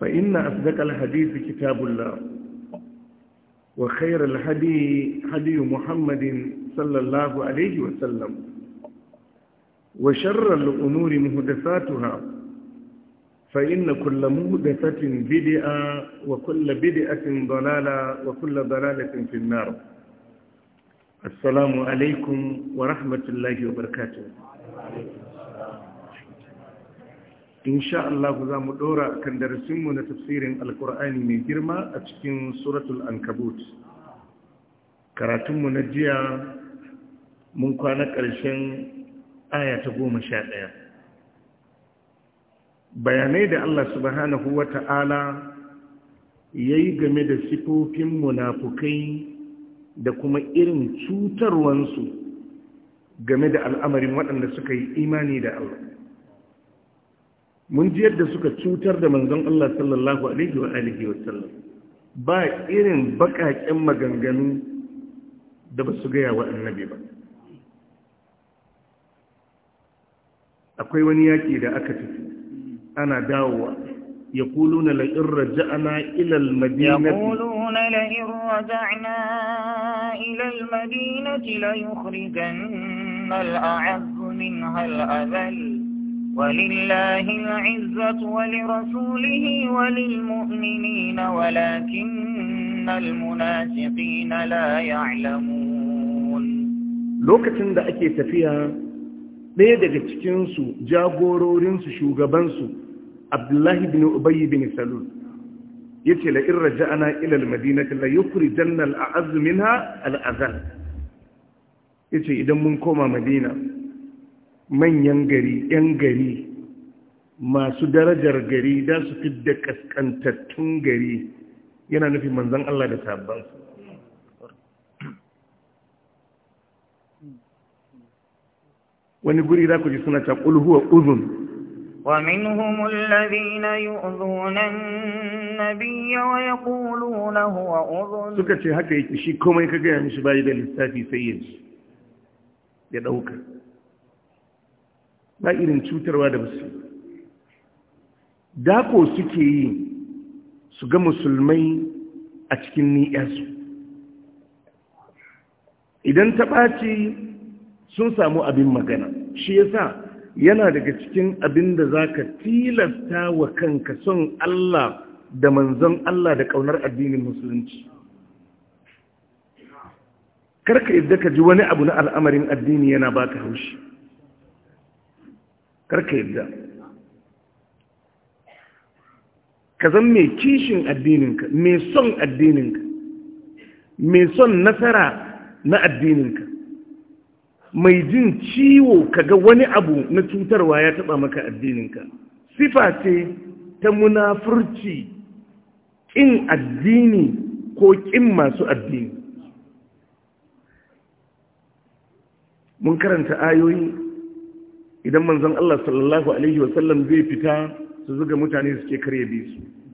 فإن أصدق الحديث كتاب الله وخير الهدي هدي محمد صلى الله عليه وسلم وشر الأمور مهدفاتها فإن كل مهدفة بدئة وكل بدئة ضلالة وكل ضلالة في النار السلام عليكم ورحمة الله وبركاته insha Allah za mu ɗora kan darasinmu na tafsirin alkur'ani mai girma a cikin suratul ankabut karatunmu na jiya mun kwana ƙarshen aya ta goma sha ɗaya bayanai da Allah subhanahu wa ta'ala ya yi game da sifofin munafukai da kuma irin cutarwansu game da al'amarin waɗanda suka yi imani da Allah mun ji yadda suka cutar da manzon Allah sallallahu alaihi wa alihi wa sallam ba irin bakaƙen maganganu da ba su gaya wa annabi ba akwai wani yaki da aka tafi ana dawowa يقولون لئن رجعنا إلى المدينة يقولون لئن la إلى المدينة ليخرجن الأعز ولله العزة ولرسوله وللمؤمنين ولكن المنافقين لا يعلمون لوكتن دا اكي تفيها ليه دقى تكينسو جا غورورينسو شو عبد الله بن أبي بن سلول يتي لئن رجعنا إلى المدينة ليخرجن الأعز منها الأذل يتي إذا منكم مدينة manyan gari 'yan gari masu darajar gari da su da ƙasƙantattun gari yana nufin manzan Allah da sabbansu wani guri za ku ji suna can ulhuwa uzun ومنهم الذين يؤذون النبي ويقولون هو أذن suka ce haka yake shi komai gaya ni mishi bayi da lissafi sai ya ya ɗauka ba irin cutarwa da musu dako suke yi su ga musulmai a cikin ni'yarsu idan ta ɓaci sun samu abin magana shi yasa yana daga cikin abin da za ka tilasta wa kanka son Allah da manzon Allah da ƙaunar addinin musulunci karka idan ka ji wani abu na al'amarin addini yana baka haushi karka yadda ka zan mai kishin addininka mai son addininka mai son nasara na addininka mai jin ciwo kaga wani abu na cutarwa ya taba maka addininka sifa ce ta munafurci ƙin addini ko ƙin masu addini mun karanta ayoyi idan manzon Allah sallallahu alaihi wasallam zai fita su zuga mutane suke karye bi su